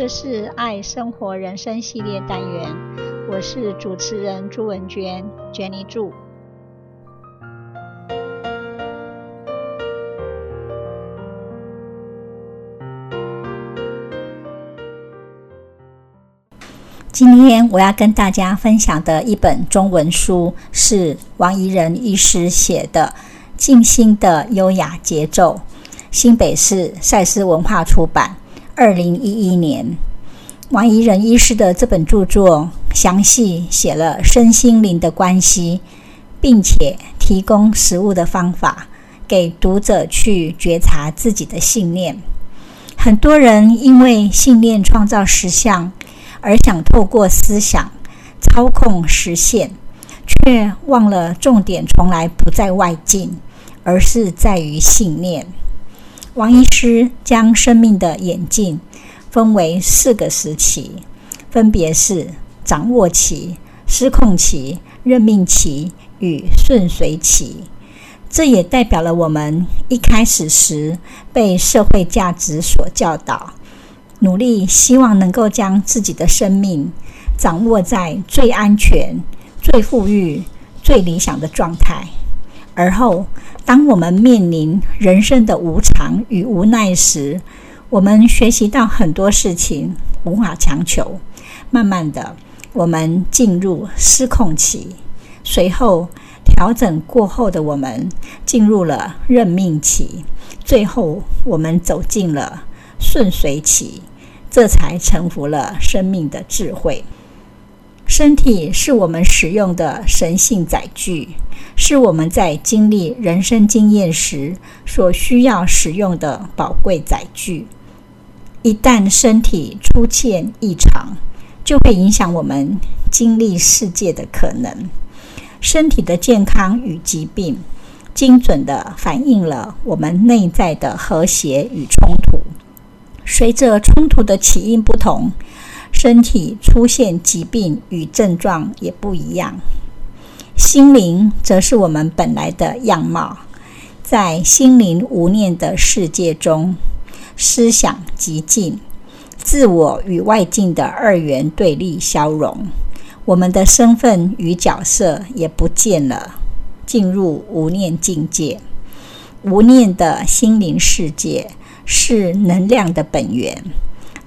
這是愛生活人生系列單元，我是主持人朱文娟。娟妮住。今天我要跟大家分享的一本中文書，是王怡仁醫師寫的《靜心的優雅節奏》，新北市賽斯文化出版。二零一一年，王怡仁醫師的這本著作詳細寫了身心靈的關係，並且提供實務的方法給讀者去覺察自己的信念。很多人因為信念創造實相，而想透過思想操控實現，卻忘了重點從來不在外境，而是在於信念。王醫師將生命的演進分為四個時期，分別是掌握期、失控期、認命期與順隨期。這也代表了我們一開始時被社會價值所教導，努力希望能夠將自己的生命掌握在最安全、最富裕、最理想的狀態。而後，當我們面臨人生的無常，與無奈時，我們學習到很多事情，無法強求。慢慢地，我們進入失控期，隨後調整過後的我們進入了認命期，最後我們走進了順隨期，這才臣服了生命的智慧。身體是我們使用的神性載具，是我們在經歷人生經驗時，所需要使用的寶貴載具。一旦身體出現異常，就會影響我們經歷世界的可能。身體的健康與疾病，精準地反映了我們內在的和諧與衝突。隨着衝突的起因不同，身體出現疾病與症狀也不一樣，心靈則是我們本來的樣貌。在心靈無念的世界中，思想寂靜，自我與外境的二元對立消融，我們的身份與角色也不見了，進入無念境界。無念的心靈世界是能量的本源。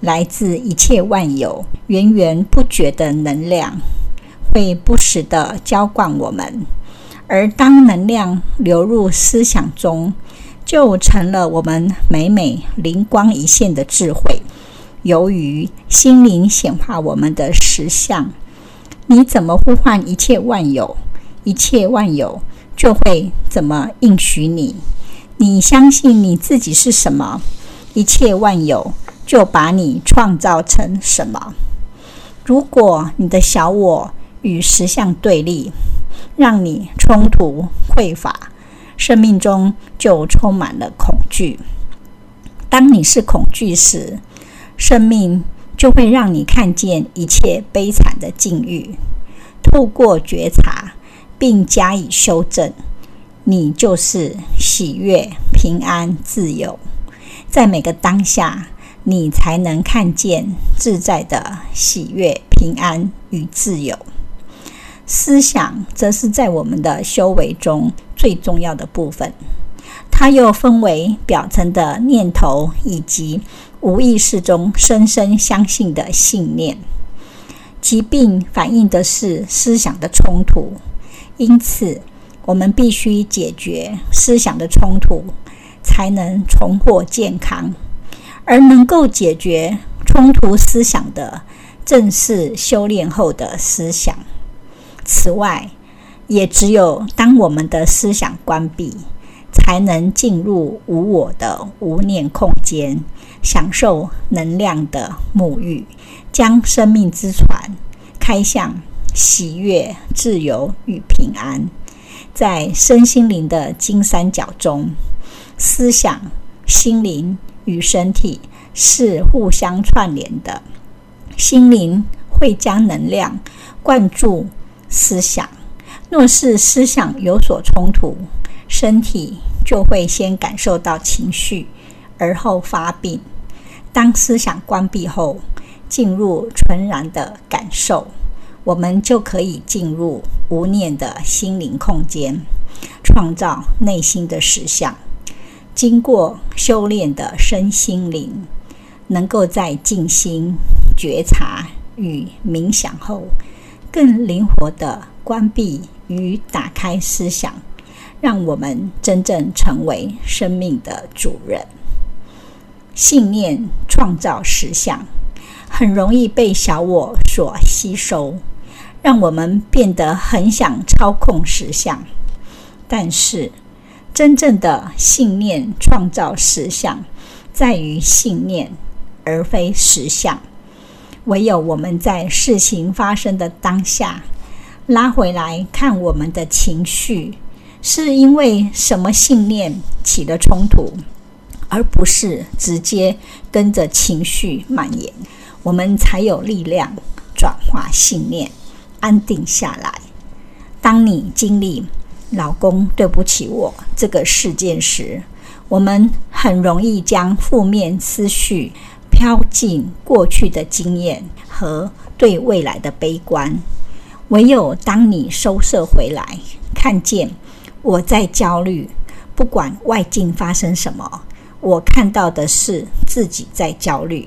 來自一切萬有源源不絕的能量，會不時的澆灌我們。而當能量流入思想中，就成了我們每每靈光一現的智慧。由於心靈顯化我們的實相，你怎麼呼喚一切萬有，一切萬有就會怎麼應許你。你相信你自己是什麼，一切萬有。就把你創造成什麼。如果你的小我與實相對立，讓你衝突、匱乏，生命中就充滿了恐懼。當你是恐懼時，生命就會讓你看見一切悲慘的境遇。透過覺察並加以修正，你就是喜悅、平安、自由，在每個當下。你才能看見自在的喜悅、平安與自由。思想則是在我們的修為中，最重要的部分，它又分為表層的念頭，以及無意識中深深相信的信念。疾病反映的是思想的衝突，因此，我們必須解決思想的衝突，才能重獲健康。而能夠解決衝突思想的，正是修煉後的思想。此外，也只有當我們的思想關閉，才能進入無我的無念空間，享受能量的沐浴，將生命之船開向喜悅、自由與平安。在身心靈的金三角中，思想、心靈與身體是互相串聯的，心靈會將能量灌注思想。若是思想有所衝突，身體就會先感受到情緒，而後發病。當思想關閉後，進入純然的感受，我們就可以進入無念的心靈空間，創造內心的實相。經過修煉的身心靈，能夠在靜心、覺察與冥想後，更靈活地關閉與打開思想，讓我們真正成為生命的主人。信念創造實相，很容易被小我所吸收，讓我們變得很想操控實相，但是，真正的信念創造實相，在於信念，而非實相。唯有我們在事情發生的當下，拉回來看我們的情緒，是因為什麼信念起了衝突，而不是直接跟着情緒蔓延，我們才有力量轉化信念，安定下來。當你經歷。老公，對不起我這個事件時，我們很容易將負面思緒飄進過去的經驗和對未來的悲觀。唯有當你收攝回來，看見我在焦慮，不管外境發生什麼，我看到的是自己在焦慮。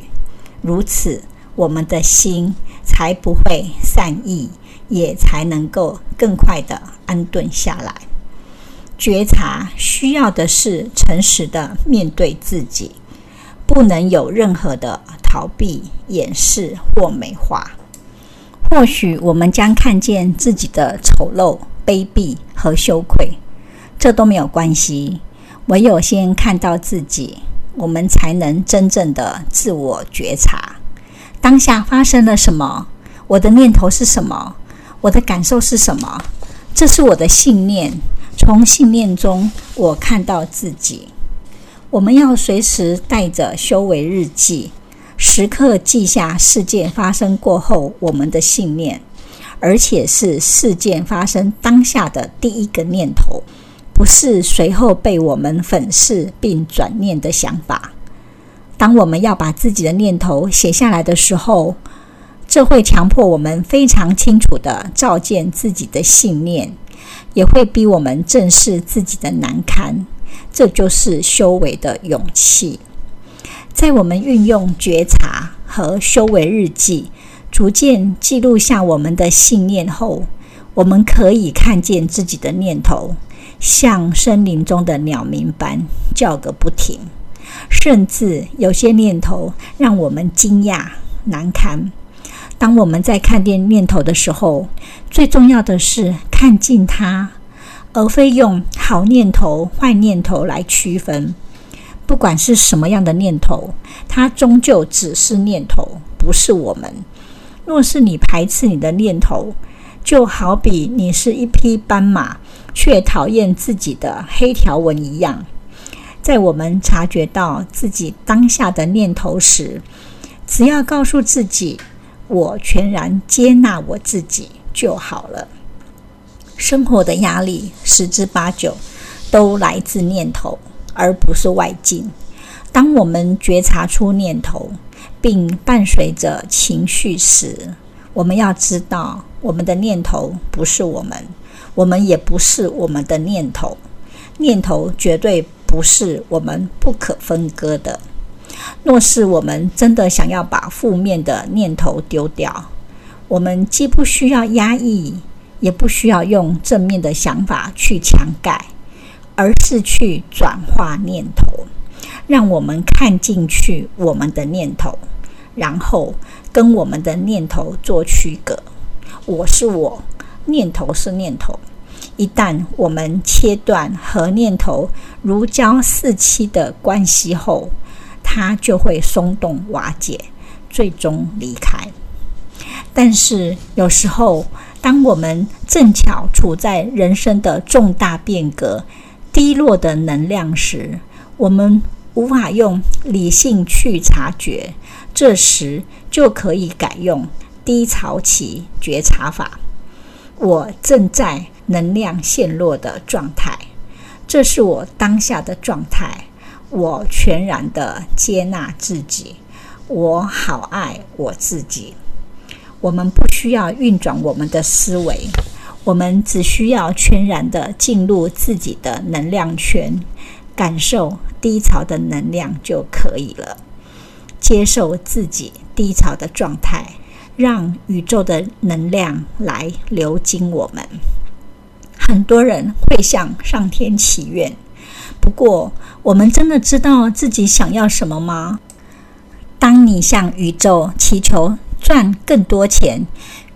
如此，我們的心才不會散逸。也才能夠更快的安頓下來。覺察需要的是誠實的面對自己，不能有任何的逃避、掩飾或美化。或許我們將看見自己的醜陋、卑鄙和羞愧，這都沒有關係。唯有先看到自己，我們才能真正的自我覺察。當下發生了什麼？我的念頭是什麼？我的感受是什麼？這是我的信念。從信念中，我看到自己。我們要隨時帶着修為日記，時刻記下事件發生過後我們的信念，而且是事件發生當下的第一個念頭，不是隨後被我們粉飾並轉念的想法。當我們要把自己的念頭寫下來的時候。這會強迫我們非常清楚地照見自己的信念，也會逼我們正視自己的難堪。這就是修為的勇氣。在我們運用覺察和修為日記，逐漸記錄下我們的信念後，我們可以看見自己的念頭，像森林中的鳥鳴般，叫個不停，甚至有些念頭讓我們驚訝，難堪。當我們在看見念，念頭的時候，最重要的是看進它，而非用好念頭、壞念頭來區分。不管是什麼樣的念頭，它終究只是念頭，不是我們。若是你排斥你的念頭，就好比你是一匹斑馬，卻討厭自己的黑條紋一樣。在我們察覺到自己當下的念頭時，只要告訴自己。我全然接納我自己就好了。生活的壓力十之八九，都來自念頭，而不是外境。當我們覺察出念頭，並伴隨着情緒時，我們要知道，我們的念頭不是我們，我們也不是我們的念頭。念頭絕對不是我們不可分割的。若是我們真的想要把負面的念頭丟掉，我們既不需要壓抑，也不需要用正面的想法去強蓋，而是去轉化念頭，讓我們看進去我們的念頭，然後跟我們的念頭做區隔。我是我，念頭是念頭。一旦我們切斷和念頭如膠似漆的關係後，它就會鬆動、瓦解，最終離開。但是有時候，當我們正巧處在人生的重大變革、低落的能量時，我們無法用理性去察覺，這時就可以改用低潮期覺察法。我正在能量陷落的狀態，這是我當下的狀態。我全然的接納自己，我好愛我自己。我們不需要運轉我們的思維，我們只需要全然的進入自己的能量圈，感受低潮的能量就可以了。接受自己低潮的狀態，讓宇宙的能量來流經我們。很多人會向上天祈願。不過，我們真的知道自己想要什麼嗎？當你向宇宙祈求賺更多錢，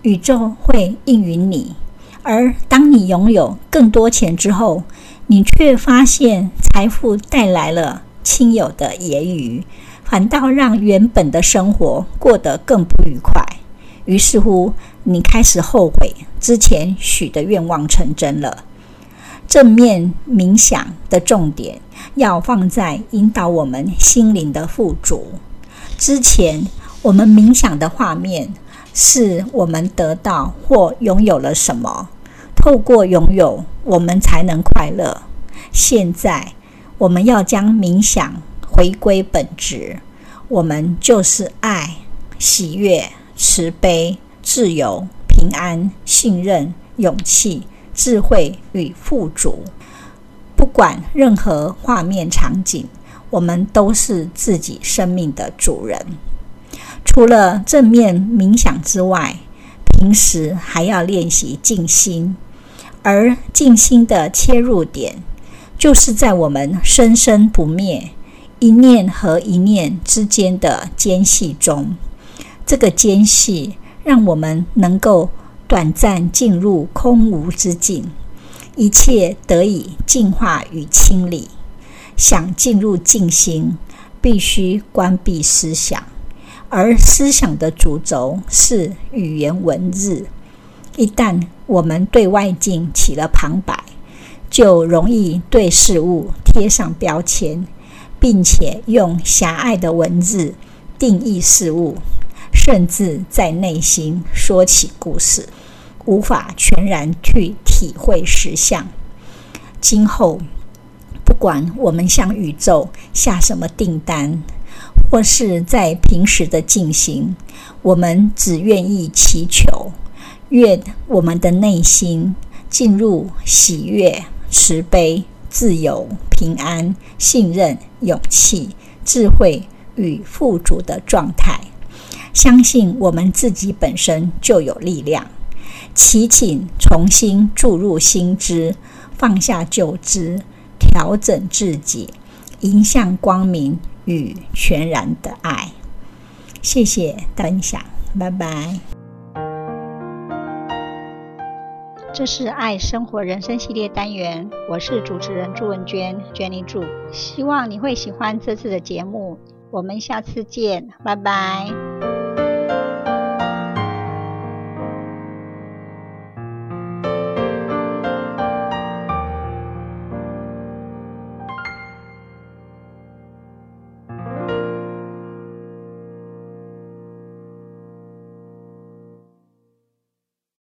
宇宙會應允你；而當你擁有更多錢之後，你卻發現財富帶來了親友的揶揄，反倒讓原本的生活過得更不愉快。於是乎，你開始後悔之前許的願望成真了。正面冥想的重點要放在引導我們心靈的富足。之前我們冥想的畫面是我們得到或擁有了什麼，透過擁有我們才能快樂。現在我們要將冥想回歸本質，我們就是愛、喜悅、慈悲、自由、平安、信任、勇氣、智慧與富足，不管任何畫面場景，我們都是自己生命的主人。除了正面冥想之外，平時還要練習靜心。而靜心的切入點，就是在我們生生不滅，一念和一念之間的間隙中。這個間隙，讓我們能夠短暫進入空無之境，一切得以淨化與清理。想進入靜心，必須關閉思想，而思想的主軸是語言文字。一旦我們對外境起了旁白，就容易對事物貼上標籤，並且用狹隘的文字定義事物，甚至在內心說起故事。無法全然去體會實相。今後，不管我們向宇宙下什麼訂單，或是在平時的進行，我們只願意祈求，願我們的內心進入喜悅、慈悲、自由、平安、信任、勇氣、智慧與富足的狀態。相信我們自己本身就有力量。祈請重新注入新知，放下舊知，調整自己，迎向光明與全然的愛。謝謝分享，拜拜。這是愛生活人生系列單元，我是主持人朱文娟，娟妮祝。希望你會喜歡這次的節目，我們下次見，拜拜。